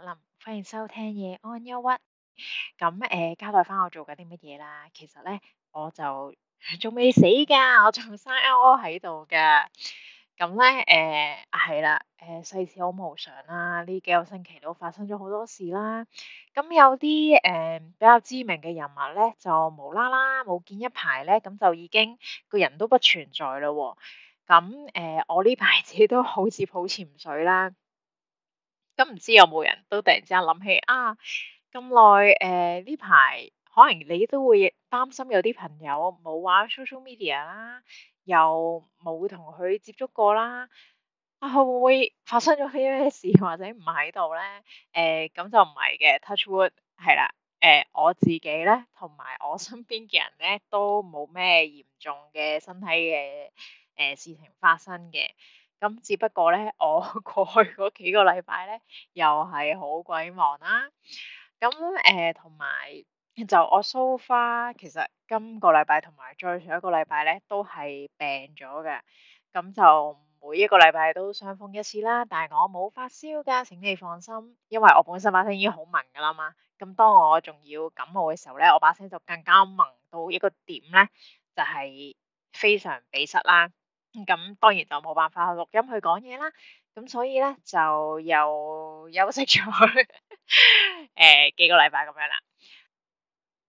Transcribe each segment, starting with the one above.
林，歡迎收聽夜安憂鬱。咁誒、嗯，交代翻我做緊啲乜嘢啦。其實咧，我就仲未死㗎，我仲生 L O 喺度嘅。咁咧誒，係、嗯、啦，誒、嗯啊嗯、世事好無常啦，呢幾個星期都發生咗好多事啦。咁、嗯、有啲誒、嗯、比較知名嘅人物咧，就無啦啦冇見一排咧，咁、嗯、就已經個人都不存在啦喎。咁、嗯、誒、嗯嗯，我呢排自己都好似好潛水啦。咁唔知有冇人都突然之間諗起啊咁耐誒呢排可能你都會擔心有啲朋友冇玩 social media 啦，又冇同佢接觸過啦，啊會唔會發生咗咩事或者唔喺度咧？誒、呃、咁就唔係嘅，Touch Wood 係啦。誒、呃、我自己咧同埋我身邊嘅人咧都冇咩嚴重嘅身體嘅誒、呃、事情發生嘅。咁只不過咧，我過去嗰幾個禮拜咧，又係好鬼忙啦、啊。咁誒，同、呃、埋就我 so far，其實今個禮拜同埋再上一個禮拜咧，都係病咗嘅。咁就每一個禮拜都傷風一次啦。但係我冇發燒㗎，請你放心，因為我本身把聲已經好聞㗎喇嘛。咁當我仲要感冒嘅時候咧，我把聲就更加聞到一個點咧，就係、是、非常鼻塞啦。咁當然就冇辦法錄音去講嘢啦，咁所以咧就又休息咗去誒幾個禮拜咁樣啦。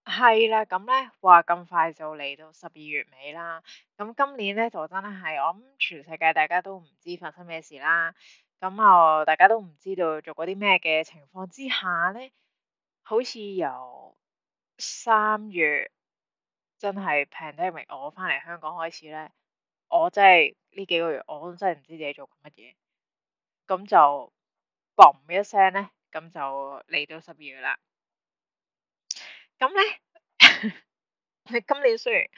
係啦，咁咧哇咁快就嚟到十二月尾啦。咁今年咧就真係我諗全世界大家都唔知發生咩事啦。咁啊、呃，大家都唔知道做過啲咩嘅情況之下咧，好似由三月真係 pandemic 我翻嚟香港開始咧。我真係呢幾個月，我真係唔知自己做乜嘢，咁就嘣一聲咧，咁就嚟到十二月啦。咁咧， 今年雖然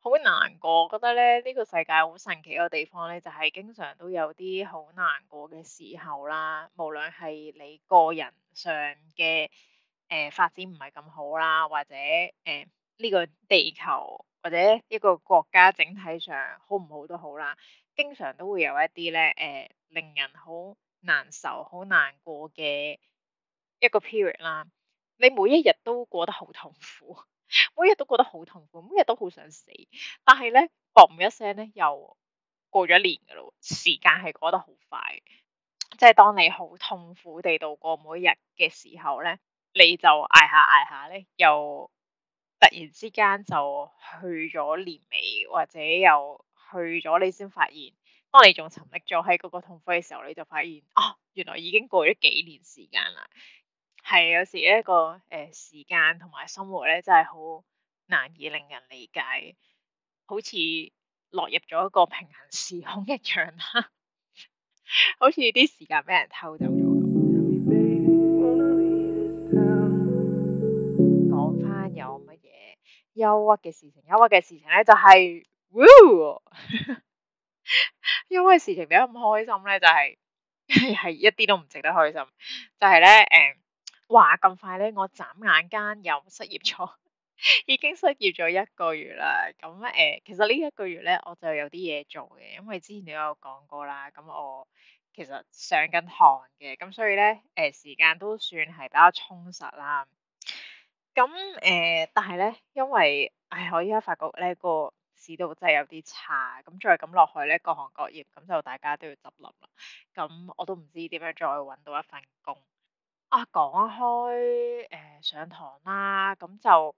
好難過，覺得咧呢個世界好神奇嘅地方咧，就係經常都有啲好難過嘅時候啦。無論係你個人上嘅誒發展唔係咁好啦，或者誒呢個地球。或者一個國家整體上好唔好都好啦，經常都會有一啲咧誒，令人好難受、好難過嘅一個 period 啦。你每一日都過得好痛苦，每一日都過得好痛苦，每一日都好想死。但係咧，嘣一聲咧，又過咗年㗎啦喎。時間係過得好快，即係當你好痛苦地度過每一日嘅時候咧，你就捱下捱下咧，又～突然之間就去咗年尾，或者又去咗，你先發現，當你仲沉溺咗喺嗰個痛苦嘅時候，你就發現，哦，原來已經過咗幾年時間啦。係有時一、這個誒、呃、時間同埋生活咧，真係好難以令人理解，好似落入咗一個平行時空一樣啦， 好似啲時間俾人偷走咗。憂鬱嘅事情，憂鬱嘅事情咧就係、係，因為事情點解咁開心咧，就係、係、係 一啲都唔值得開心。就係、係、咧，誒話咁快咧，我眨眼間又失業咗，已經失業咗一個月啦。咁、嗯、誒、嗯，其實呢一個月咧，我就有啲嘢做嘅，因為之前都有講過啦。咁我其實上緊堂嘅，咁所以咧，誒、嗯、時間都算係比較充實啦。咁誒、呃，但係咧，因為誒、哎，我依家發覺咧個市道真係有啲差，咁再咁落去咧，各行各業咁就大家都要執笠啦。咁我都唔知點樣再揾到一份工。啊，講開誒、呃、上堂啦，咁就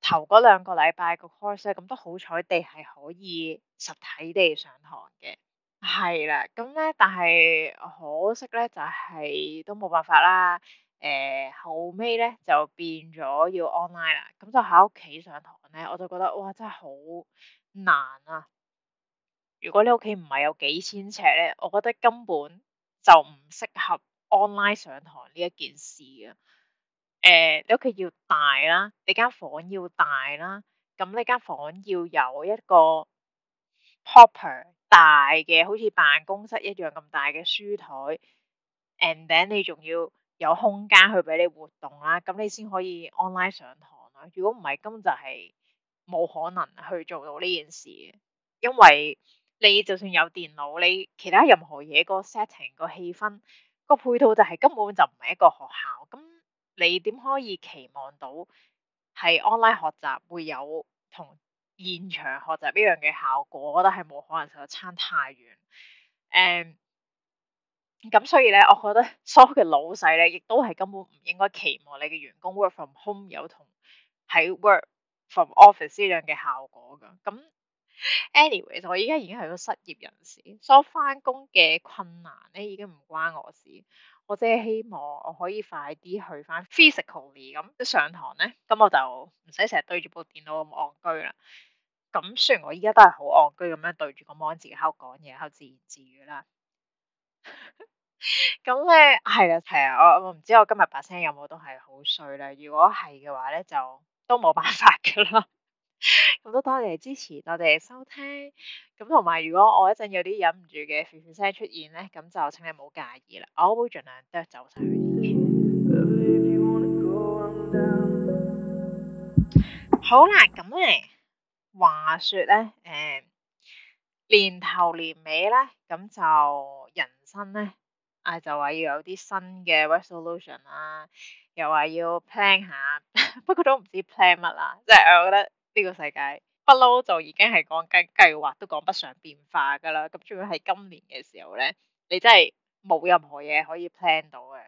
頭嗰兩個禮拜個 course，咁都好彩地係可以實體地上堂嘅。係啦，咁咧，但係可惜咧，就係、是、都冇辦法啦。誒、呃，後尾咧就變咗要 online 啦，咁就喺屋企上堂咧，我就覺得哇，真係好難啊！如果你屋企唔係有幾千尺咧，我覺得根本就唔適合 online 上堂呢一件事啊。誒、呃，你屋企要大啦，你間房要大啦，咁你間房要有一個 proper 大嘅，好似辦公室一樣咁大嘅書台，and then 你仲要。有空間去俾你活動、啊、你啦，咁你先可以 online 上堂啦。如果唔係，根本就係冇可能去做到呢件事，因為你就算有電腦，你其他任何嘢、個 setting、個氣氛、個配套就係根本就唔係一個學校。咁你點可以期望到係 online 學習會有同現場學習一樣嘅效果？我覺得係冇可能，實質差太遠。誒。咁所以咧，我覺得所有嘅老細咧，亦都係根本唔應該期望你嘅員工 work from home 有同喺 work from office 呢樣嘅效果㗎。咁，anyways，我而家已經係個失業人士，所以返工嘅困難咧已經唔關我事。我只係希望我可以快啲去返 physically，咁一上堂咧，咁我就唔使成日對住部電腦咁戇居啦。咁雖然我依家都係好戇居咁樣對住個 mon 自己喺度講嘢，喺度自言自語啦。咁咧係啦，係啊， 我我唔知我今日把聲有冇都係好衰啦。如果係嘅話咧，就都冇辦法噶咯。咁 都多謝你支持我哋收聽。咁同埋，如果我一陣有啲忍唔住嘅笑聲出現咧，咁就請你冇介意啦。我會盡量都走晒去。好啦，咁誒，話說咧，誒、嗯，年頭年尾咧，咁就。咧，啊就話要有啲新嘅 resolution 啦、啊，又話要 plan 下，不過都唔知 plan 乜啦，即係我覺得呢個世界不嬲就已經係講緊計劃都講不上變化噶啦，咁仲要係今年嘅時候咧，你真係冇任何嘢可以 plan 到嘅。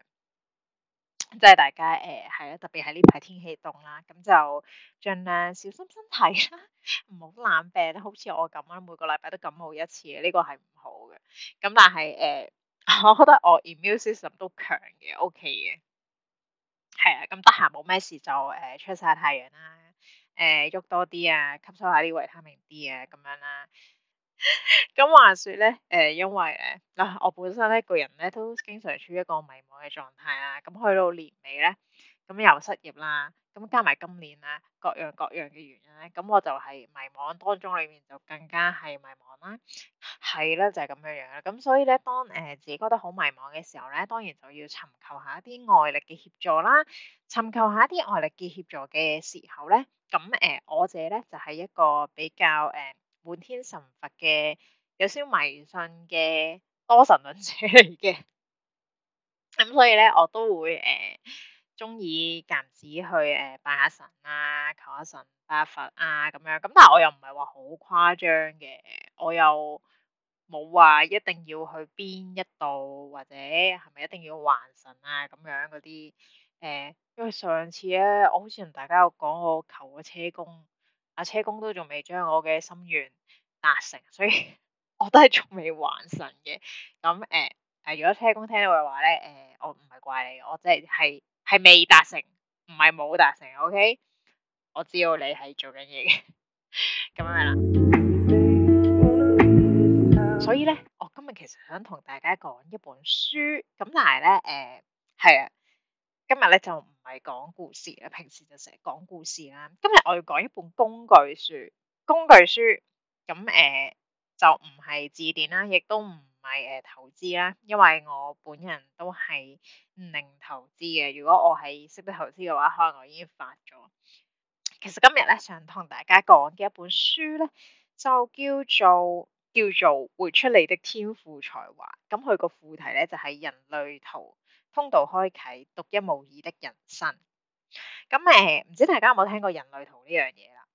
即係大家誒，係、呃、啦、啊，特別喺呢排天氣凍啦，咁就儘量小心身體啦，唔好冷病。好似我咁啦、啊，每個禮拜都感冒一次呢、這個係唔好嘅。咁但係誒、呃，我覺得我 immune system 都強嘅，OK 嘅。係啊，咁得閒冇咩事就誒、呃、出晒太陽啦，誒、呃、喐多啲啊，吸收下啲維他命 D 啊，咁樣啦。咁 話說咧，誒、呃，因為咧，嗱、呃，我本身咧個人咧都經常處於一個迷茫嘅狀態啦。咁、嗯、去到年尾咧，咁、嗯、又失業啦，咁、嗯、加埋今年咧，各樣各樣嘅原因咧，咁、嗯、我就係迷茫當中裏面就更加係迷茫啦，係、嗯、啦，就係、是、咁樣樣啦。咁、嗯、所以咧，當誒、呃、自己覺得好迷茫嘅時候咧，當然就要尋求一下一啲外力嘅協助啦。尋求一下一啲外力嘅協助嘅時候咧，咁、嗯、誒、呃，我哋咧就係、是、一個比較誒。呃滿天神佛嘅，有少少迷信嘅多神論者嚟嘅，咁、 嗯、所以咧我都會誒中意間唔時去誒、呃、拜下神啊，求下神拜佛啊咁樣，咁但係我又唔係話好誇張嘅，我又冇話一定要去邊一度或者係咪一定要還神啊咁樣嗰啲誒，因為上次咧、啊、我好似同大家有講我求個車公。阿車公都仲未將我嘅心願達成，所以我都係仲未還神嘅。咁誒誒，如果車公聽到嘅話咧，誒、呃，我唔係怪你，我即係係係未達成，唔係冇達成，OK？我知道你係做緊嘢嘅咁樣係啦。 所以咧，我今日其實想同大家講一本書，咁但係咧，誒、呃，係啊。今日咧就唔係講故事啦，平時就成日講故事啦。今日我要講一本工具書，工具書咁誒、呃、就唔係字典啦，亦都唔係誒投資啦，因為我本人都係零投資嘅。如果我係識得投資嘅話，可能我已經發咗。其實今日咧想同大家講嘅一本書咧，就叫做叫做活出你的天賦才華。咁佢個副題咧就係、是、人類圖。通道開啟，獨一無二的人生。咁誒，唔知大家有冇聽過人類圖呢樣嘢啦？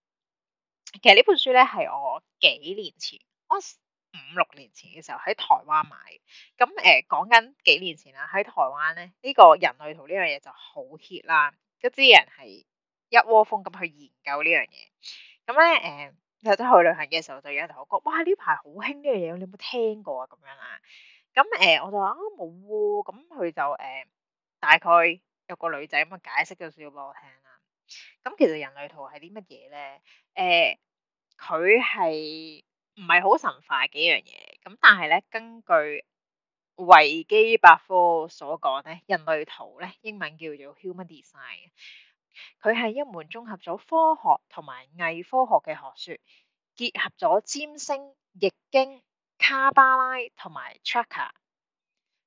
其實呢本書咧係我幾年前，我五六年前嘅時候喺台灣買嘅。咁誒，講緊幾年前啦，喺台灣咧呢、呢個人類圖呢樣嘢就好 hit 啦，一啲人係一窩蜂咁去研究呢樣嘢。咁咧誒，有、嗯、啲去旅行嘅時候就有人同我講：哇！呢排好興呢樣嘢，你有冇聽過啊？咁樣啦。咁誒、呃，我就話、哦、啊冇喎，咁、嗯、佢就誒、呃、大概有個女仔咁啊解釋咗少少俾我聽啦。咁、嗯、其實人類圖係啲乜嘢咧？誒、嗯，佢係唔係好神化幾樣嘢？咁但係咧，根據維基百科所講咧，人類圖咧英文叫做 Human Design，佢係一門綜合咗科學同埋偽科學嘅學説，結合咗占星、易經。卡巴拉同埋查卡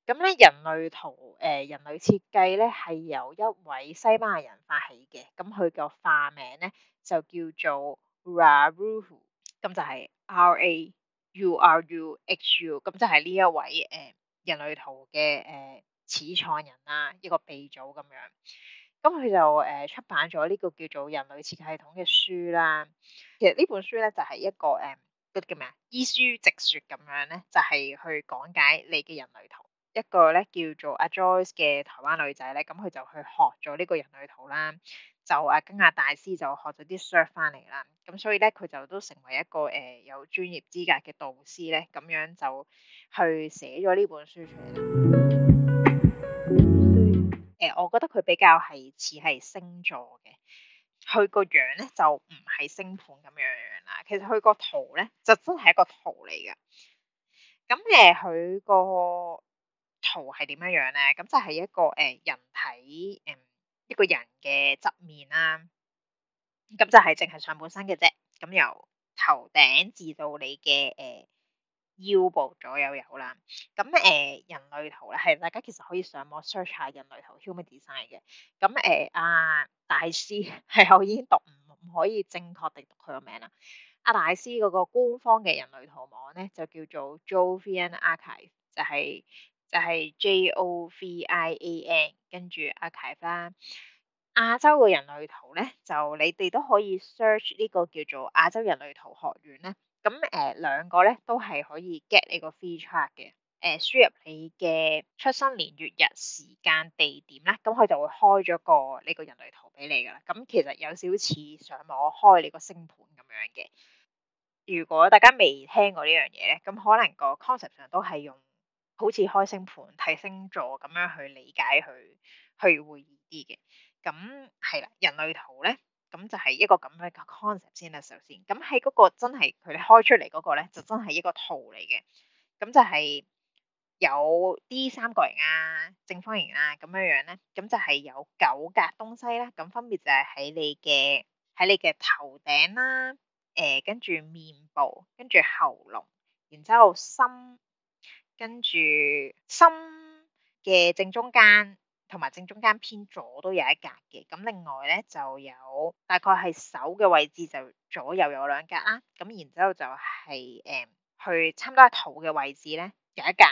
咁咧，人類圖誒、呃、人類設計咧係由一位西班牙人發起嘅，咁佢個化名咧就叫做 Ra Uru Hu，咁就係 R A U R U H U，咁就係呢一位誒、呃、人類圖嘅誒、呃、始創人啦，一個鼻祖咁樣，咁佢就誒、呃、出版咗呢個叫做人類設計系統嘅書啦。其實呢本書咧就係、是、一個誒。呃嗰個叫咩啊？醫書直説咁樣咧，就係、是、去講解你嘅人類圖。一個咧叫做阿 Joyce 嘅台灣女仔咧，咁佢就去學咗呢個人類圖啦。就阿金亞大師就學咗啲術翻嚟啦。咁所以咧，佢就都成為一個誒、呃、有專業資格嘅導師咧，咁樣就去寫咗呢本書出嚟。誒、 呃，我覺得佢比較係似係星座嘅。佢個樣咧就唔係星盤咁樣樣啦，其實佢個圖咧就真係一個圖嚟嘅。咁誒，佢、呃、個圖係點樣樣咧？咁就係一個誒、呃、人體誒、呃、一個人嘅側面啦、啊。咁就係淨係上半身嘅啫。咁由頭頂至到你嘅誒。呃腰部左右有啦，咁誒、呃、人類圖咧係大家其實可以上網 search 下人類圖 Human Design 嘅，咁誒阿大師係我已經讀唔可以正確地讀佢個名啦，阿、啊、大師嗰個官方嘅人類圖網咧就叫做 Jovian、就係就係、Archive 就係就係 J O V I A N 跟住 Archive 啦。亞洲嘅人類圖咧就你哋都可以 search 呢個叫做亞洲人類圖學院咧。咁誒兩個咧都係可以 get 你個 free chart 嘅，誒、呃、輸入你嘅出生年月日時間地點啦。咁佢就會開咗個呢、這個人類圖俾你噶啦。咁其實有少少似上網開你個星盤咁樣嘅。如果大家未聽過呢樣嘢咧，咁可能個 concept 上都係用好似開星盤睇星座咁樣去理解去去會易啲嘅。咁係啦，人類圖咧。咁就係一個咁樣嘅 concept 先啦，首先，咁喺嗰個真係佢哋開出嚟嗰個咧，就真係一個圖嚟嘅，咁就係有啲三角形啊、正方形啊咁樣樣咧，咁就係有九格東西啦、啊。咁分別就係喺你嘅喺你嘅頭頂啦、啊，誒、呃，跟住面部，跟住喉嚨，然之後心，跟住心嘅正中間。同埋正中間偏左都有一格嘅，咁另外咧就有大概係手嘅位置就左右有兩格啦，咁然之後就係誒去參加圖嘅位置咧有一格，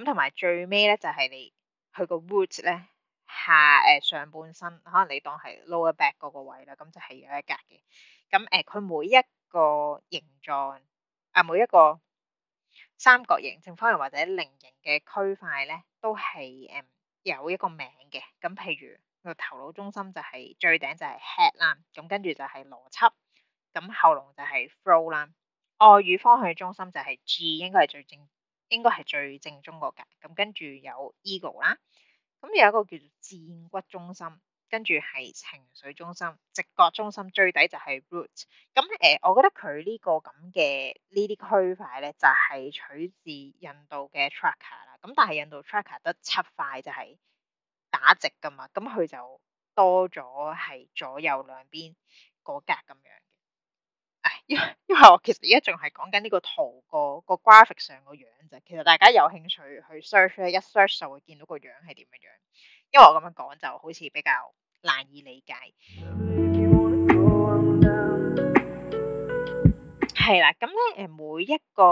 咁同埋最尾咧就係你佢個 root 咧下誒上半身，可能你當係 lower back 嗰個位啦，咁就係有一格嘅，咁誒佢每一個形狀啊，每一個三角形、正方形或者菱形嘅區塊咧都係誒。有一個名嘅，咁譬如個頭腦中心就係、是、最頂就係 head 啦，咁跟住就係邏輯，咁喉嚨就係 throat 啦，外語方向中心就係 G 應該係最正，應該係最正宗嗰個，咁跟住有 ego 啦，咁有一個叫做薦骨中心，跟住係情緒中心、直覺中心，最底就係 root。咁、呃、誒我覺得佢呢個咁嘅呢啲區塊咧，就係、是、取自印度嘅 chakra 啦。咁但係印度 tracker 得七塊就係、是、打直噶嘛，咁佢就多咗係左右兩邊嗰格咁樣嘅。誒、哎，因因為我其實而家仲係講緊呢個圖、那個個 graphic 上個樣啫，其實大家有興趣去 search 咧，一 search 就會見到個樣係點樣樣。因為我咁樣講就好似比較難以理解。 係啦，咁咧，誒，每一個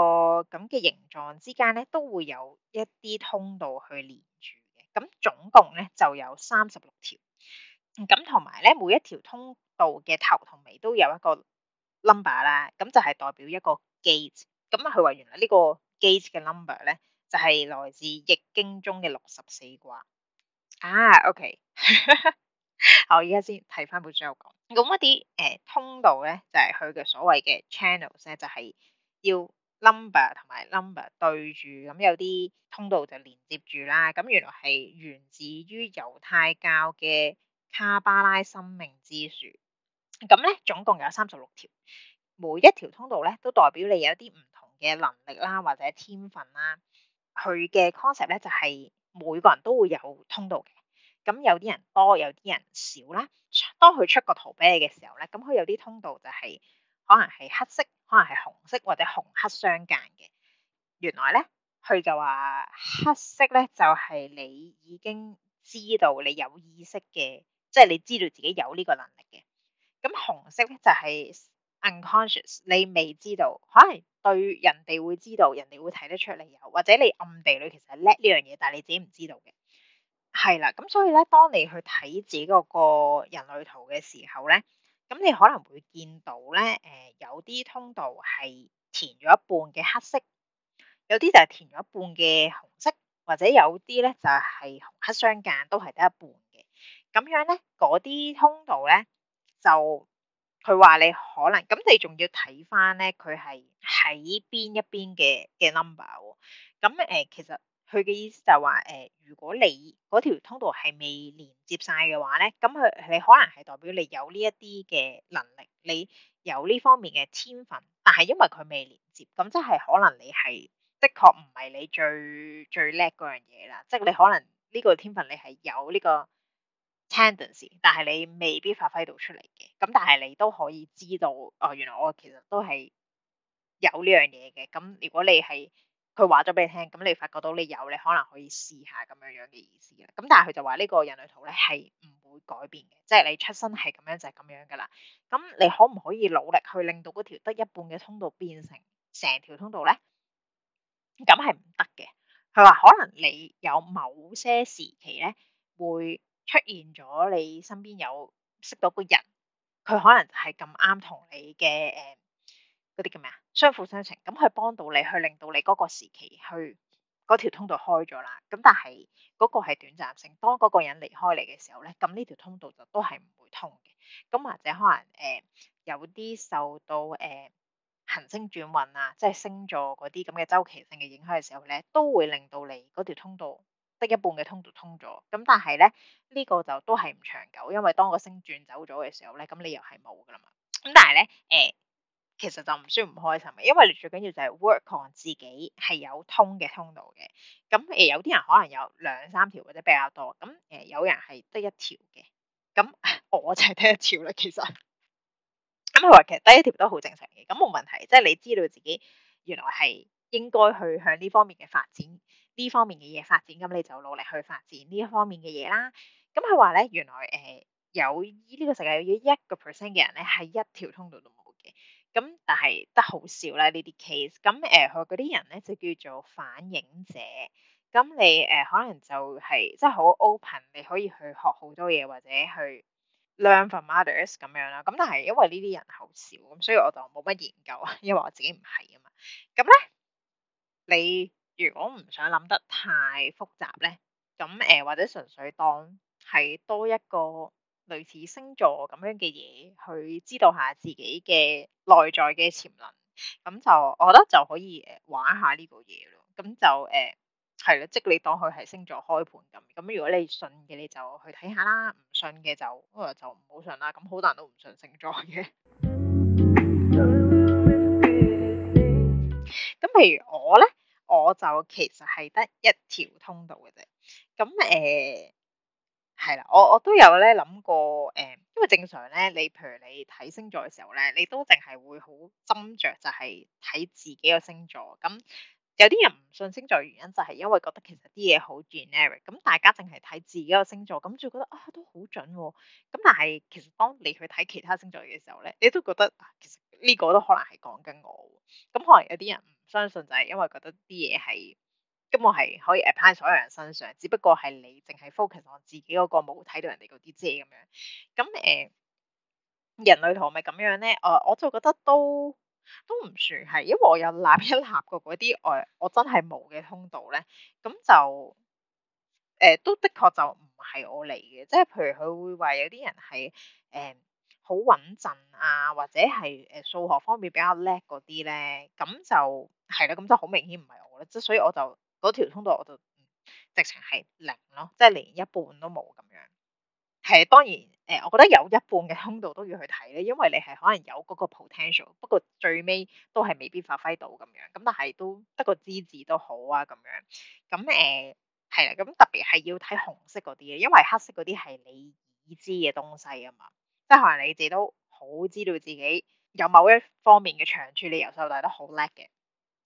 咁嘅形狀之間咧，都會有一啲通道去連住嘅。咁總共咧就有三十六條，咁同埋咧，每一條通道嘅頭同尾都有一個 number 啦，咁就係代表一個 gate，咁啊佢話原來呢個 gate 嘅 number 咧就係、是、來自易經中嘅六十四卦，啊，OK， 好，我而家先睇翻本最後講。咁一啲誒通道咧，就係佢嘅所謂嘅 channels 咧，就係要 number 同埋 number 對住，咁有啲通道就連接住啦。咁原來係源自於猶太教嘅卡巴拉生命之樹，咁咧總共有三十六條，每一條通道咧都代表你有啲唔同嘅能力啦，或者天分啦。佢嘅 concept 咧就係每個人都會有通道嘅。咁有啲人多，有啲人少啦。當佢出個圖俾你嘅時候咧，咁佢有啲通道就係可能係黑色，可能係紅色或者紅黑相間嘅。原來咧，佢就話黑色咧就係你已經知道你有意識嘅，即係你知道自己有呢個能力嘅。咁紅色咧就係 unconscious，你未知道，可能對人哋會知道，人哋會睇得出你有，或者你暗地裏其實叻呢樣嘢，但係你自己唔知道嘅。係啦，咁所以咧，當你去睇自己嗰個人類圖嘅時候咧，咁你可能會見到咧，誒、呃，有啲通道係填咗一半嘅黑色，有啲就係填咗一半嘅紅色，或者有啲咧就係、是、紅黑相間，都係得一半嘅。咁樣咧，嗰啲通道咧就佢話你可能，咁你仲要睇翻咧，佢係喺邊一邊嘅嘅 number、哦。咁誒、呃，其實。佢嘅意思就係話，誒、呃，如果你嗰條通道係未連接晒嘅話咧，咁佢你可能係代表你有呢一啲嘅能力，你有呢方面嘅天分，但係因為佢未連接，咁即係可能你係的確唔係你最最叻嗰樣嘢啦，即係你可能呢個天分你係有呢個 tendency，但係你未必發揮到出嚟嘅，咁但係你都可以知道，哦，原來我其實都係有呢樣嘢嘅，咁如果你係。佢話咗俾你聽，咁你發覺到你有，你可能可以試下咁樣樣嘅意思啦。咁但係佢就話呢個人類圖咧係唔會改變嘅，即係你出生係咁樣就係咁樣噶啦。咁你可唔可以努力去令到嗰條得一半嘅通道變成成條通道咧？咁係唔得嘅。佢話可能你有某些時期咧會出現咗，你身邊有識到個人，佢可能係咁啱同你嘅誒、呃啲叫咩啊？相輔相成，咁佢幫到你，去令到你嗰個時期去嗰條通道開咗啦。咁但係嗰個係短暫性，當嗰個人離開你嘅時候咧，咁呢條通道就都係唔會通嘅。咁或者可能誒、呃、有啲受到誒、呃、行星轉運啊，即係星座嗰啲咁嘅周期性嘅影響嘅時候咧，都會令到你嗰條通道得一半嘅通道通咗。咁但係咧，呢、呢個就都係唔長久，因為當個星轉走咗嘅時候咧，咁你又係冇噶啦嘛。咁但係咧，誒、呃。其實就唔算唔開心嘅，因為你最緊要就係 work on 自己係有通嘅通道嘅。咁誒、呃、有啲人可能有兩三條或者比較多，咁誒、呃、有人係得一條嘅。咁我就係得一條啦，其實。咁佢話其實得一條都好正常嘅，咁冇問題。即係你知道自己原來係應該去向呢方面嘅發展，呢方面嘅嘢發展，咁你就努力去發展呢方面嘅嘢啦。咁佢話咧，原來誒、呃、有呢個世界有一個 percent 嘅人咧，係一條通道都冇。咁、嗯、但係得好少啦 case、嗯呃、呢啲 case，咁誒佢嗰啲人咧就叫做反映者，咁、嗯、你誒、呃、可能就係即係好 open，你可以去學好多嘢或者去 learn from others 咁樣啦。咁但係因為呢啲人好少，咁所以我就冇乜研究啊，因為我自己唔係啊嘛。咁、嗯、咧，你如果唔想諗得太複雜咧，咁、嗯、誒、呃、或者純粹當係多一個。類似星座咁樣嘅嘢，去知道下自己嘅內在嘅潛能，咁就我覺得就可以誒玩下呢個嘢咯。咁就誒係啦，即你當佢係星座開盤咁。咁如果你信嘅，你就去睇下啦；唔信嘅就、呃、就唔好信啦。咁好多人都唔信星座嘅。咁譬如我咧，我就其實係得一條通道嘅啫。咁誒。呃係啦，我我都有咧諗過，誒、嗯，因為正常咧，你譬如你睇星座嘅時候咧，你都淨係會好斟酌，就係睇自己個星座。咁有啲人唔信星座原因就係因為覺得其實啲嘢好 generic，咁大家淨係睇自己個星座，咁就覺得啊都好準，啊。咁但係其實當你去睇其他星座嘅時候咧，你都覺得、啊、其實呢個都可能係講緊我。咁可能有啲人唔相信就係因為覺得啲嘢係。咁、嗯、我係可以 apply 所有人身上，只不過係你淨係 focus 我自己嗰、嗰個，冇睇到人哋嗰啲啫咁樣。咁誒、呃、人類係咪咁樣咧？誒，我，我就覺得都都唔算係，因為我有攬一立過嗰啲我我真係冇嘅通道咧。咁就誒、呃、都的確就唔係我嚟嘅，即係譬如佢會話有啲人係誒好穩陣啊，或者係誒數學方面比較叻嗰啲咧，咁就係啦，咁就好明顯唔係我啦，即所以我就。嗰條通道我就、嗯、直情係零咯，即係連一半都冇咁樣。係當然誒、呃，我覺得有一半嘅通道都要去睇咧，因為你係可能有嗰個 potential，不過最尾都係未必發揮到咁樣。咁但係都得個知字都好啊咁樣。咁誒係啦，咁、呃、特別係要睇紅色嗰啲，因為黑色嗰啲係你已知嘅東西啊嘛，即係可能你自己都好知道自己有某一方面嘅長處，你由細到大都好叻嘅。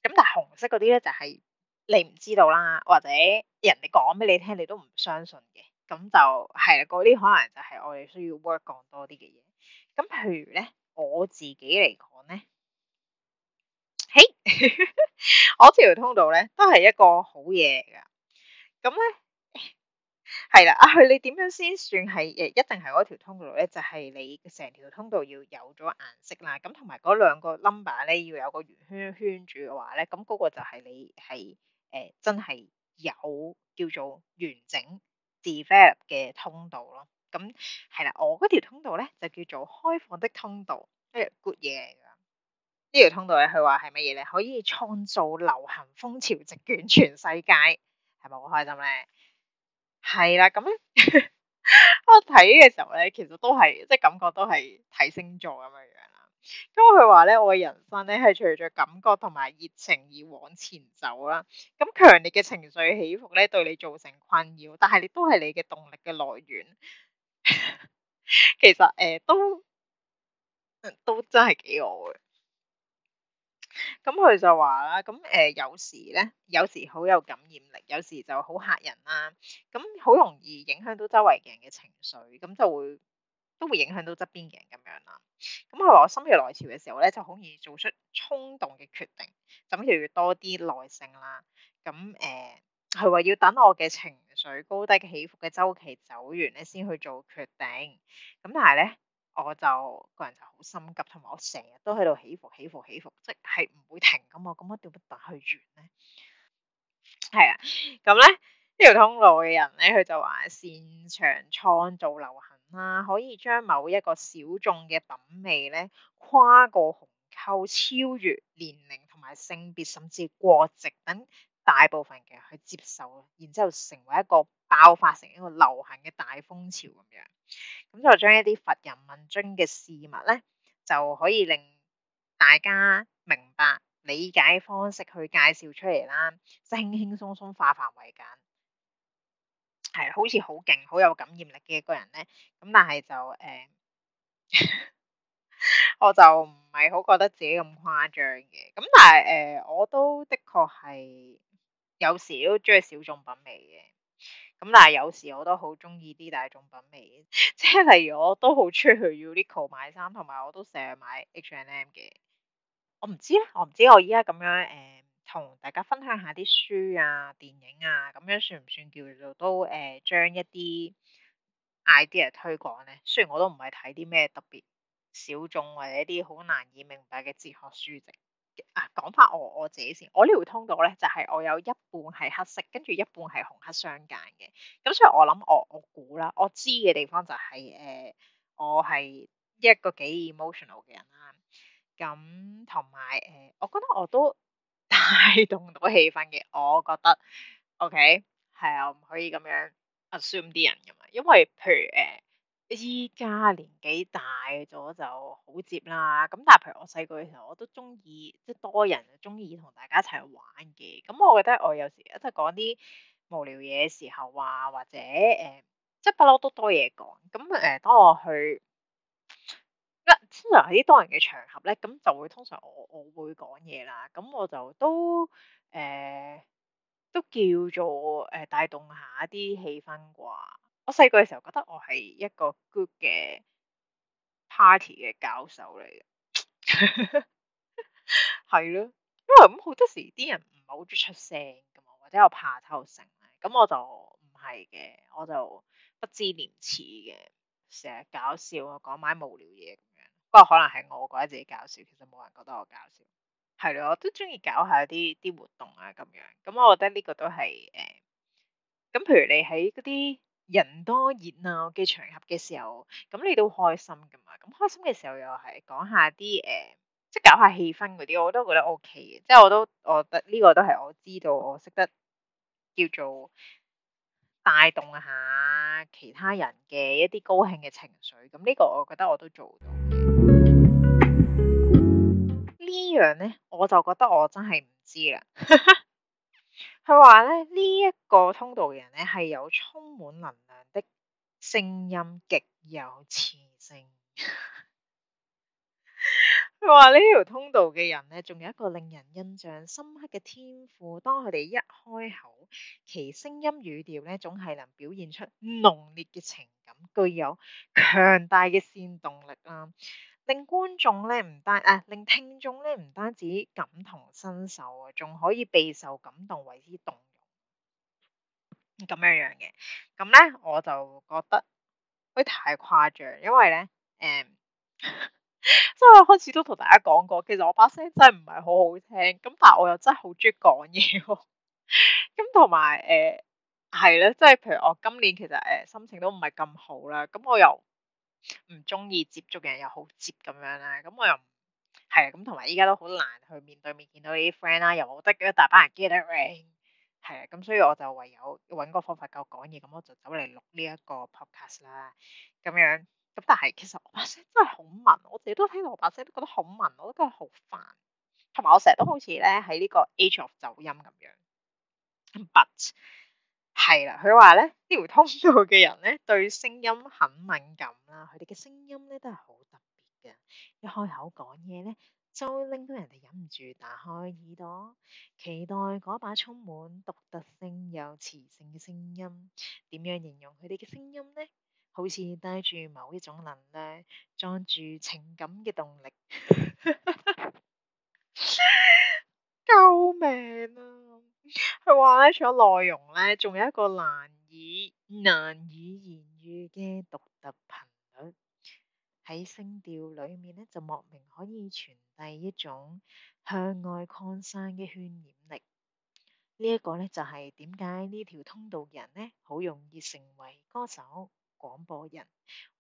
咁但係紅色嗰啲咧就係、是。你唔知道啦，或者人哋講俾你聽，你都唔相信嘅，咁就係啦。嗰啲可能，就係我哋需要 work on 多啲嘅嘢。咁譬如咧，我自己嚟講咧，嘿， 我條通道咧都係一個好嘢㗎。咁咧係啦啊，你點樣先算係誒？一定係嗰條通道咧，就係、是、你成條通道要有咗顏色啦。咁同埋嗰兩個 number 咧，要有個圓圈圈住嘅話咧，咁嗰個就係你係。誒，真係有叫做完整 develop 嘅通道咯，咁係啦，我條通道咧就叫做開放的通道，即係 good 嘢嚟噶。呢條通道咧，佢話係乜嘢咧？可以創造流行風潮，席捲全世界，係咪好開心咧？係啦，咁 我睇嘅時候咧，其實都係即係感覺都係睇星座咁樣樣。因為佢話咧，我嘅人生咧係隨著感覺同埋熱情而往前走啦。咁強烈嘅情緒起伏咧，對你造成困擾，但係你都係你嘅動力嘅來源。 其實誒、呃，都都真係幾好嘅。咁佢就話啦，咁誒有時咧，有時好有，有感染力，有時就好吓人啦、啊。咁好容易影響到周圍嘅人嘅情緒，咁就會。都會影響到側邊嘅人咁樣啦。咁佢話我心血來潮嘅時候咧，就好易做出衝動嘅決定。咁就要多啲耐性啦。咁誒佢話要等我嘅情緒高低起伏嘅周期走完咧，先去做決定。咁但係咧，我就個人就好心急，同埋我成日都喺度起伏起伏起伏，起伏，即係唔會停噶嘛。咁我點樣等佢完咧？係啊，咁咧呢條、嗯、通道嘅人咧，佢就話擅長創造流行。啊！可以將某一個小眾嘅品味咧，跨過鴻溝，超越年齡同埋性別，甚至國籍等大部分嘅去接受，然之後成為一個爆發成一個流行嘅大風潮咁樣。咁就將一啲乏人問津嘅事物咧，就可以令大家明白理解方式去介紹出嚟啦，即係輕輕鬆鬆化繁為簡。係，好似好勁，好有感染力嘅一個人咧。咁但係就誒，嗯、 我就唔係好覺得自己咁誇張嘅。咁但係誒、嗯，我都的確係有時都中意小眾品味嘅。咁但係有時我都好中意啲大眾品味，即係例如我都好中意去 Uniqlo 買衫，同埋我都成日買 H and M 嘅。我唔知咧，我唔知我依家咁樣誒。嗯同大家分享下啲書啊、電影啊，咁樣算唔算叫做都誒、呃、將一啲 idea 推廣咧？雖然我都唔係睇啲咩特別小眾或者一啲好難以明白嘅哲學書籍。啊，講返我我自己先，我呢條通道咧就係、是、我有一半係黑色，跟住一半係紅黑相間嘅。咁所以我諗我我估啦，我知嘅地方就係、是、誒、呃，我係一個幾 emotional 嘅人啦。咁同埋誒，我覺得我都。帶動到氣氛嘅，我覺得，OK，係啊，我唔可以咁樣 assume 啲人㗎嘛。因為譬如誒，呃，依家年紀大咗就好接啦，咁但係譬如我細個嘅時候，我都中意即係多人就中意同大家一齊玩嘅，咁我覺得我有時即係講啲無聊嘢嘅時候啊，或者誒、呃，即係不嬲都多嘢講，咁誒、呃，當我去。一通常喺啲多人嘅場合咧，咁就會通常我我會講嘢啦。咁我就都誒、呃、都叫做誒帶、呃、動一下啲氣氛啩。我細個嘅時候覺得我係一個 good 嘅 party 嘅教授嚟嘅，係 咯。因為咁好多時啲人唔係好中意出聲噶嘛，或者我怕偷成聲，咁我就唔係嘅，我就不知廉恥嘅，成日搞笑呀，講埋啲無聊嘢。不過可能係我覺得自己搞笑，其實冇人覺得我搞笑，係咯，我都中意搞下啲啲活動啊咁樣。咁我覺得呢個都係誒，咁、呃、譬如你喺嗰啲人多熱鬧嘅場合嘅時候，咁你都開心噶嘛？咁開心嘅時候又係講下啲誒、呃，即係搞下氣氛嗰啲，我都覺得 O K 嘅。即係我都我覺得呢個都係我知道我識得叫做帶動下其他人嘅一啲高興嘅情緒。咁呢個我覺得我都做到。呢樣呢，我就覺得我真係唔知啦。佢話呢，呢一個通道嘅人呢，係有充滿能量的聲音，極有磁性。佢話呢條通道嘅人呢，仲有一個令人印象深刻嘅天賦，當佢哋一開口，其聲音語調呢，總係能表現出濃烈嘅情感，具有強大嘅煽動力啦。令觀眾咧，唔單啊，令聽眾咧，唔單止感同身受啊，仲可以備受感動，為之動容咁樣樣嘅。咁咧我就覺得喂，太誇張，因為咧誒、即、嗯、係 我開始都同大家講過，其實我把聲真係唔係好好聽，咁但係我又真係好中意講嘢咯。咁同埋誒係咧、即、呃、係、就是、譬如我今年其實誒、呃、心情都唔係咁好啦，咁我又。唔中意接觸嘅人又好接咁樣啦，咁我又係啊，咁同埋依家都好難去面對面見到你啲 friend 啦，又冇得一大把人 gather 係啊，咁所以我就唯有揾個方法夠講嘢，咁我就走嚟錄呢一個 podcast 啦，咁樣。咁但係其實我把聲真係好悶，我自己都聽到我把聲都覺得好悶，我都覺得好煩。同埋我成日都好似咧喺呢個 age of 走音咁樣，but。係啦，佢話咧，呢條通道嘅人咧，對聲音很敏感啦，佢哋嘅聲音咧都係好特別嘅，一開口講嘢咧，就令到人哋忍唔住打開耳朵，期待嗰把充滿獨特性有磁性嘅聲音。點樣形容佢哋嘅聲音咧？好似帶住某一種能量，裝住情感嘅動力。 救命啊！佢話咧，除咗內容咧，仲有一個難以難以言喻嘅獨特頻率喺聲調裏面咧，就莫名可以傳遞一種向外擴散嘅渲染力。這個、呢一個咧就係點解呢條通道人咧，好容易成為歌手、廣播人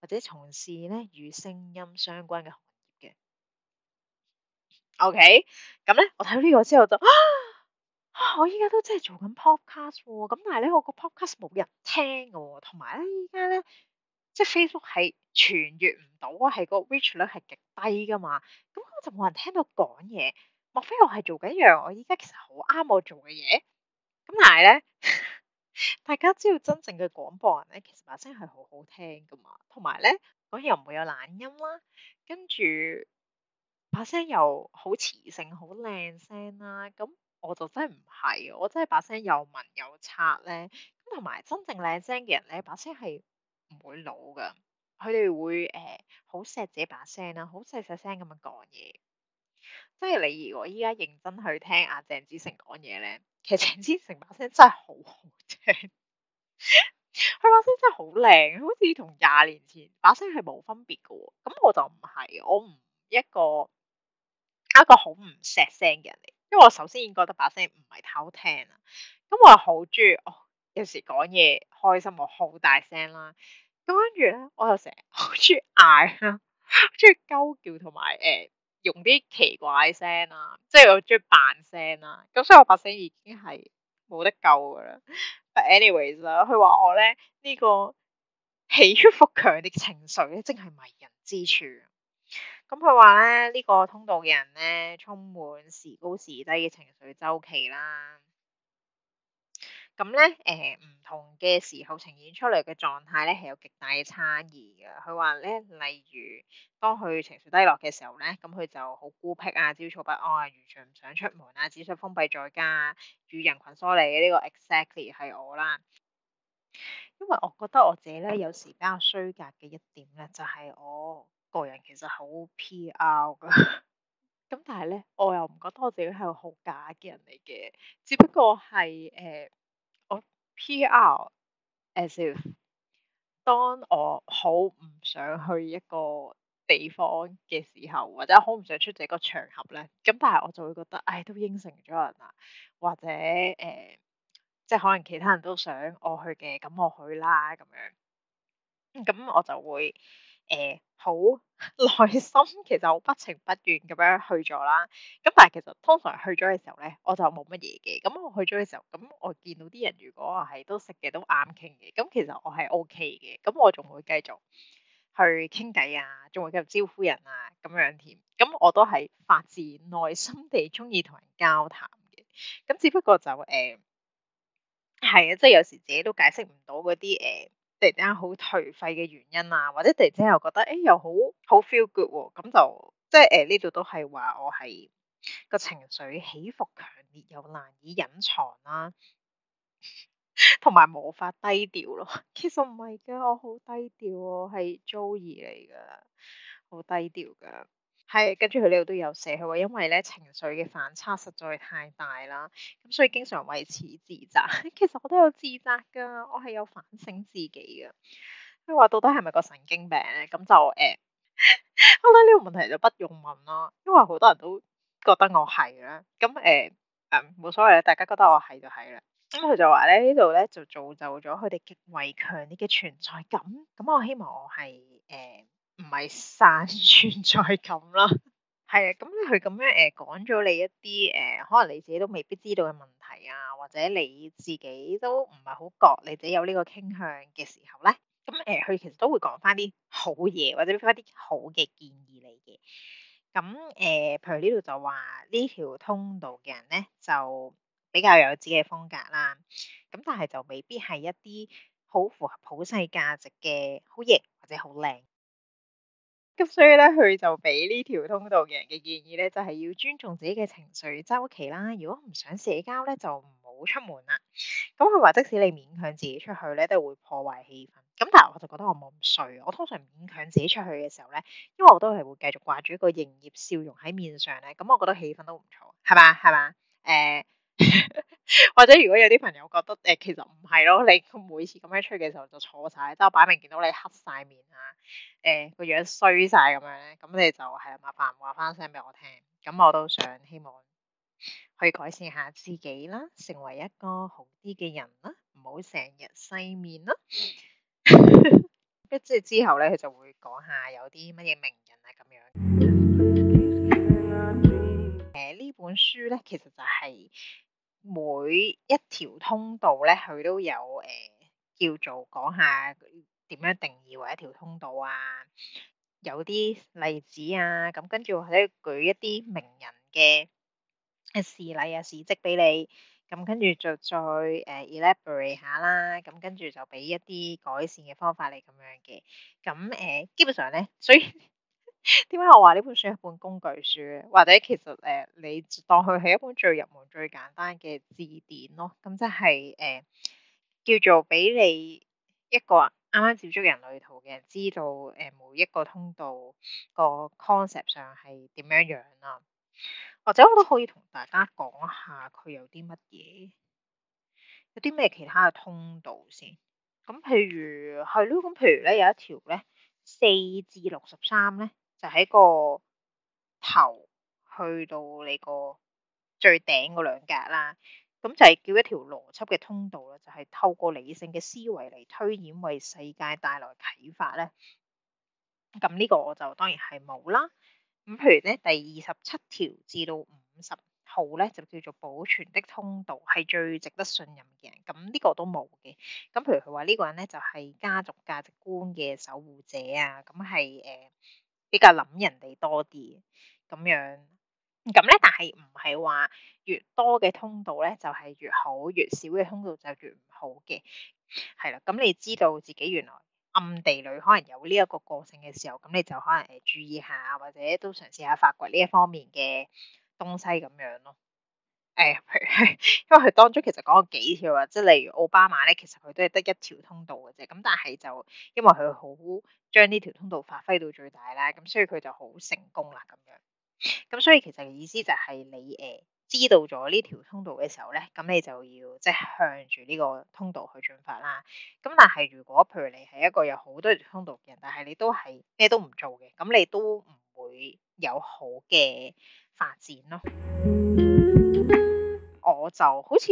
或者從事呢與聲音相關嘅行業嘅。OK，咁咧我睇到呢個之後就。啊啊、我依家都真係做緊 podcast 喎，咁但係咧，我個 podcast 冇人聽嘅喎，同埋咧依家咧，即係 Facebook 係傳閱唔到啊，係個 reach 率係極低噶嘛，咁我就冇人聽到講嘢。莫非我係做緊一樣我依家其實好啱我做嘅嘢？咁但係咧， 大家知道真正嘅廣播人咧，其實把聲係好好聽噶嘛，同埋咧，講嘢又唔會有懶音啦，跟住把聲又好磁性、好靚聲啦，咁。我就真係唔係，我真係把聲又文又擦咧。咁同埋真正靚聲嘅人咧，把聲係唔會老噶。佢哋會誒好錫自己把聲啦，好細細聲咁樣講嘢。即係你如果依家認真去聽阿鄭志成講嘢咧，其實鄭志成把聲真係好好聽。佢把聲真係好靚，好似同廿年前把聲係冇分別噶。咁我就唔係，我唔一個一個好唔錫聲嘅人嚟。因為我首先已經覺得把聲唔係太好聽啦，咁我又好中意，哦，有時講嘢開心我好大聲啦，咁跟住咧我又成日好中意嗌啦，中意鳩叫同埋誒用啲奇怪聲啦，即係我中意扮聲啦，咁所以我把聲已經係冇得救噶啦。但係 anyways 啦，啊，佢話我咧呢、這個起伏複強嘅情緒真係迷人之處咁佢話咧呢個通道嘅人咧充滿時高時低嘅情緒周期啦。咁咧，誒、呃，唔同嘅時候呈現出嚟嘅狀態咧係有極大嘅差異噶。佢話咧，例如當佢情緒低落嘅時候咧，咁佢就好孤僻啊、焦躁不安、啊、完全唔想出門啊，只想封閉在家，與人群疏離。呢個 exactly 係我啦。因為我覺得我自己咧有時比較衰格嘅一點咧，就係我。個人其實好 P.R. 㗎，咁但係咧，我又唔覺得我自己係個好假嘅人嚟嘅，只不過係誒、呃、我 P.R. as if 當我好唔想去一個地方嘅時候，或者好唔想出席個場合咧，咁但係我就會覺得，唉、哎，都應承咗人啦，或者誒、呃，即係可能其他人都想我去嘅，咁我去啦咁樣，咁、嗯、我就會誒。呃好內心，其實好不情不願咁樣去咗啦。咁但係其實通常去咗嘅時候咧，我就冇乜嘢嘅。咁我去咗嘅時候，咁我見到啲人，如果係都食嘅，都啱傾嘅。咁其實我係 OK 嘅。咁我仲會繼續去傾偈啊，仲會繼續招呼人啊，咁樣添。咁我都係發自內心地鍾意同人交談嘅。咁只不過就誒，係、呃、啊，即係有時自己都解釋唔到嗰啲誒。呃突然間好頹廢嘅原因啊，或者突然間又覺得，誒、欸，又好好 feel good 喎、啊，咁就即係誒呢度都係話我係個情緒起伏強烈又難以隱藏啦、啊，同埋無法低調咯、啊。其實唔係嘅，我好低調、啊，我係 Joey 嚟噶，好低調噶。係，跟住佢呢度都有寫，佢話因為咧情緒嘅反差實在太大啦，咁所以經常為此自責。其實我都有自責噶，我係有反省自己噶。佢話到底係咪個神經病呢？咁就誒，欸、 我諗呢個問題就不用問啦，因為好多人都覺得我係啦。咁誒，誒、欸、冇、嗯、所謂啦，大家覺得我係就係啦。咁佢就話咧呢度咧就造就咗佢哋極為強烈嘅存在感。咁我希望我係誒。欸唔係散存在感囉，係啊，咁佢咁樣誒、呃、講咗你一啲誒、呃，可能你自己都未必知道嘅問題啊，或者你自己都唔係好覺你自己有呢個傾向嘅時候咧，咁誒佢其實都會講翻啲好嘢，或者俾翻啲好嘅建議你嘅。咁誒、呃，譬如呢度就話呢條通道嘅人咧，就比較有自己嘅風格啦。咁但係就未必係一啲好符合普世價值嘅好型或者好靚。咁所以咧，佢就俾呢條通道嘅人嘅建議咧，就係要尊重自己嘅情緒周期啦。如果唔想社交咧，就唔好出門啦。咁佢話即使你勉強自己出去咧，都係會破壞氣氛。咁但係我就覺得我冇咁衰，我通常勉強自己出去嘅時候咧，因為我都係會繼續掛住一個營業笑容喺面上咧，咁我覺得氣氛都唔錯，係嘛係嘛誒。 或者如果有啲朋友覺得誒、呃，其實唔係咯，你每次咁樣出嘅時候就坐晒，得我擺明見到你黑晒面啊，誒、呃、個樣衰晒咁樣咧，咁你就係麻煩話翻聲俾我聽，咁我都想希望可以改善下自己啦，成為一個好啲嘅人啦，唔好成日細面啦，即 係之後咧佢就會講下有啲乜嘢名人啊咁樣。誒、呃、呢本書咧其實就係、是。每一條通道咧，佢都有誒、呃、叫做講下點樣定義為一條通道啊，有啲例子啊，咁跟住或者舉一啲名人嘅事例啊、事蹟俾你，咁跟住就再誒、呃、elaborate 下啦，咁跟住就俾一啲改善嘅方法嚟咁樣嘅，咁、嗯、誒、呃、基本上咧，所以。點解我話呢本書係一本工具書，或者其實誒、呃，你當佢係一本最入門、最簡單嘅字典咯，咁即係誒，叫做俾你一個啱啱接觸人類圖嘅人知道，誒、呃，每一個通道個 concept 上係點樣樣啦。或者我都可以同大家講下佢有啲乜嘢，有啲咩其他嘅通道先。咁譬如係咯，咁譬如咧，有一條咧，四至六十三咧。就喺個頭去到你個最頂嗰兩格啦，咁就係叫一條邏輯嘅通道啦，就係透過理性嘅思維嚟，推演，為世界帶來啟發咧。咁呢個我就當然係冇啦。咁譬如咧，第二十七條至到五十號咧，就叫做保存的通道，係最值得信任嘅人。咁呢個都冇嘅。咁譬如佢話呢個人咧，就係家族價值觀嘅守護者啊。咁係誒。呃比較諗人哋多啲，咁樣咁咧，但係唔係話越多嘅通道咧就係越好，越少嘅通道就越唔好嘅，係啦。咁你知道自己原來暗地裏可能有呢一個個性嘅時候，咁你就可能誒注意下，或者都嘗試下發掘呢一方面嘅東西咁樣咯。誒，譬如，哎、因為佢當中其實講咗幾條啊，即係例如奧巴馬咧，其實佢都係得一條通道嘅啫。咁但係就因為佢好將呢條通道發揮到最大啦，咁所以佢就好成功啦咁樣。咁所以其實意思就係、是、你誒、呃、知道咗呢條通道嘅時候咧，咁你就要即係、就是、向住呢個通道去進發啦。咁但係如果譬如你係一個有好多條通道嘅人，但係你都係咩都唔做嘅，咁你都唔會有好嘅發展咯。我就好似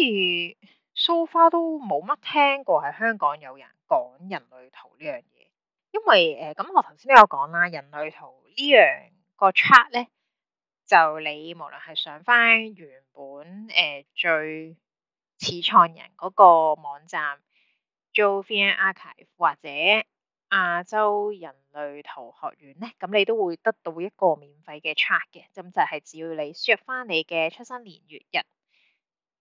蘇花都冇乜聽過喺香港有人講人類圖呢樣嘢，因為誒咁、呃、我頭先都有講啦，人類圖,圖呢樣個 chart 咧，就你無論係上翻原本誒、呃、最始創人個網站，Jovian Archive 或者亞洲人類圖學院咧，咁你都會得到一個免費嘅 chart 嘅，咁就係只要你輸入翻你嘅出生年月日。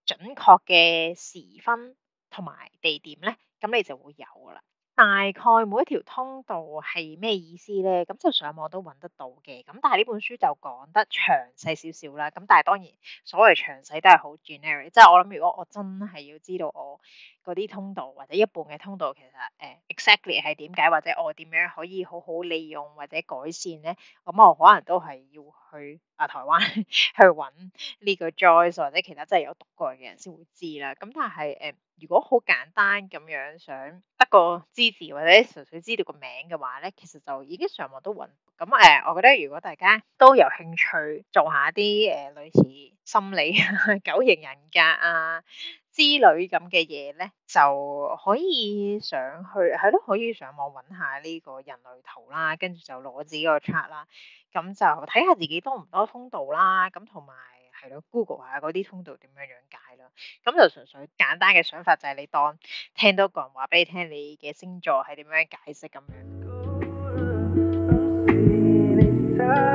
準確嘅時分同埋地點咧，咁你就會有噶啦。大概每一條通道係咩意思咧？咁就上網都揾得到嘅。咁但係呢本書就講得詳細少少啦。咁但係當然所謂詳細都係好 general，即係我諗如果我真係要知道我嗰啲通道或者一半嘅通道其實誒、呃、exactly 係點解或者我點樣可以好好利用或者改善咧，咁我可能都係要去。啊、台灣去揾呢個 Joyce 或者其他真係有讀過嘅人先會知啦。咁但係誒、呃，如果好簡單咁樣想得個支持或者純粹知道個名嘅話咧，其實就已經上網都揾。咁、嗯、誒、呃，我覺得如果大家都有興趣做下啲誒、呃、類似心理啊九型人格啊～之類咁嘅嘢咧，就可以上去，係咯，可以上網揾下呢個人類圖啦，跟住就攞自己個測啦，咁就睇下自己多唔多通道啦，咁同埋係咯，Google 下嗰啲通道點樣樣解啦，咁就純粹簡單嘅想法就係你當聽到一個人話俾你聽，你嘅星座係點樣解釋咁樣。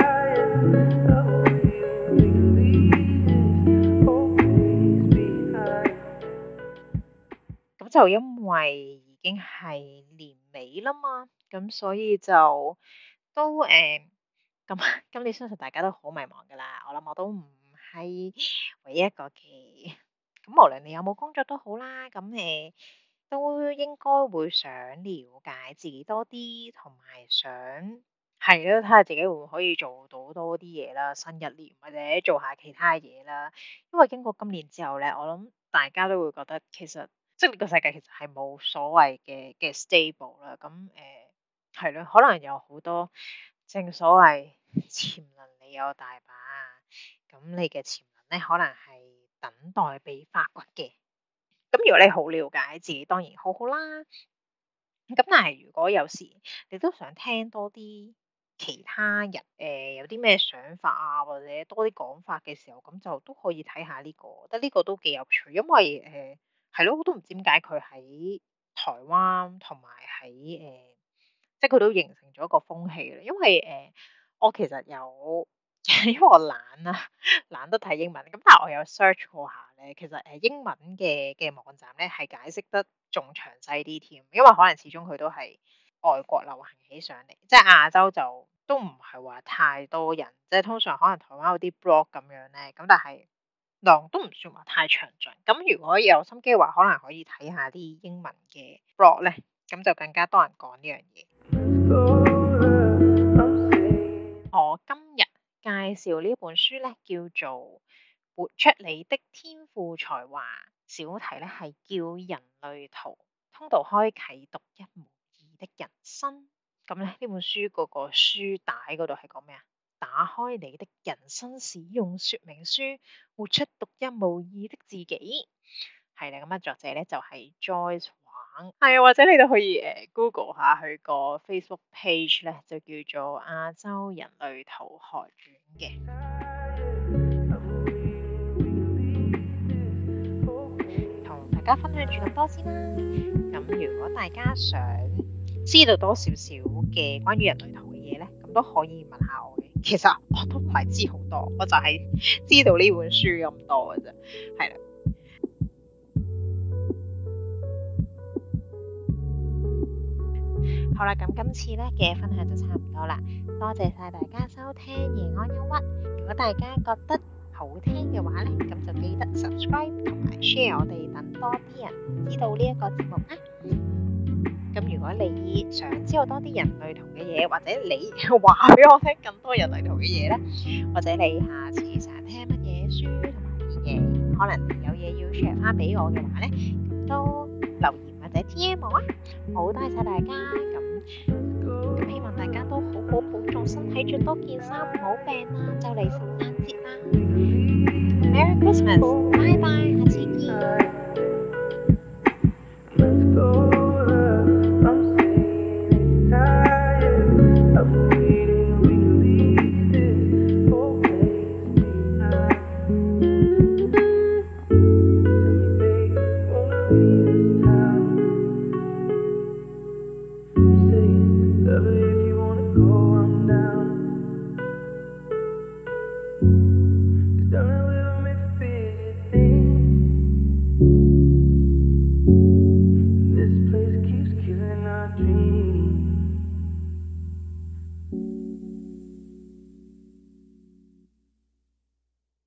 就因為已經係年尾啦嘛，咁所以就都誒咁今年、欸、相信大家都好迷茫噶啦。我諗我都唔係唯一一個嘅。咁無論你有冇工作都好啦，咁誒、欸、都應該會想了解自己多啲，同埋想係咯，睇下自己會唔可以做到多啲嘢啦，新一年或者做下其他嘢啦。因為經過今年之後咧，我諗大家都會覺得其實。即係呢個世界其實係冇所謂嘅嘅 stable 啦，咁誒係咯，可能有好多正所謂潛能你有大把，咁你嘅潛能咧可能係等待被發掘嘅。咁如果你好了解自己，當然好好啦。咁但係如果有時你都想聽多啲其他人誒、呃、有啲咩想法啊，或者多啲講法嘅時候，咁就都可以睇下呢、這個，覺得呢個都幾有趣，因為誒。呃係咯，我都唔知點解佢喺台灣同埋喺誒，即係佢都形成咗一個風氣啦。因為誒、呃，我其實有，因為我懶啦，懶得睇英文。咁但係我有 search 過下咧，其實誒、呃、英文嘅嘅網站咧係解釋得仲詳細啲添。因為可能始終佢都係外國流行起上嚟，即係亞洲就都唔係話太多人，即係通常可能台灣有啲 blog 咁樣咧，咁但係。狼都唔算話太詳盡，咁如果有心機嘅話，可能可以睇下啲英文嘅 blog 咧，咁就更加多人講呢樣嘢。 我今日介紹呢本書咧，叫做《活出你的天賦才華》，小題咧係叫人類圖通道，開啟獨一無二的人生。咁咧呢本書嗰個書帶嗰度係講咩啊？打開你的人生使用說明書，活出獨一無二的自己。係啦，咁啊，作者咧就係 Joyce Huang，係啊，或者你都可以誒 Google 下佢個 Facebook page 咧，就叫做亞洲人類圖學院嘅。同大家分享住咁多先啦。咁如果大家想知道多少少嘅關於人類圖嘅嘢咧，咁都可以問下我。其實我都唔係知好多，我就係知道呢本書咁多嘅啫。係啦，好啦，咁今次呢嘅分享就差唔多啦。多謝晒大家收聽夜安憂鬱。如果大家覺得好聽嘅話呢，咁就記得 subscribe 同埋 share，我哋等多啲人知道呢一個節目啦。咁如果你想知道多啲人類圖嘅嘢，或者你話俾我聽更多人類圖嘅嘢咧，或者你下次想聽乜嘢書同埋乜嘢，可能有嘢要 share 翻俾我嘅話咧，都留言或者 DM 我啊！好多謝大家，咁咁希望大家都好好保重身體，著多件衫，唔好病啦，就嚟聖誕節啦，Merry Christmas，拜拜，下次見。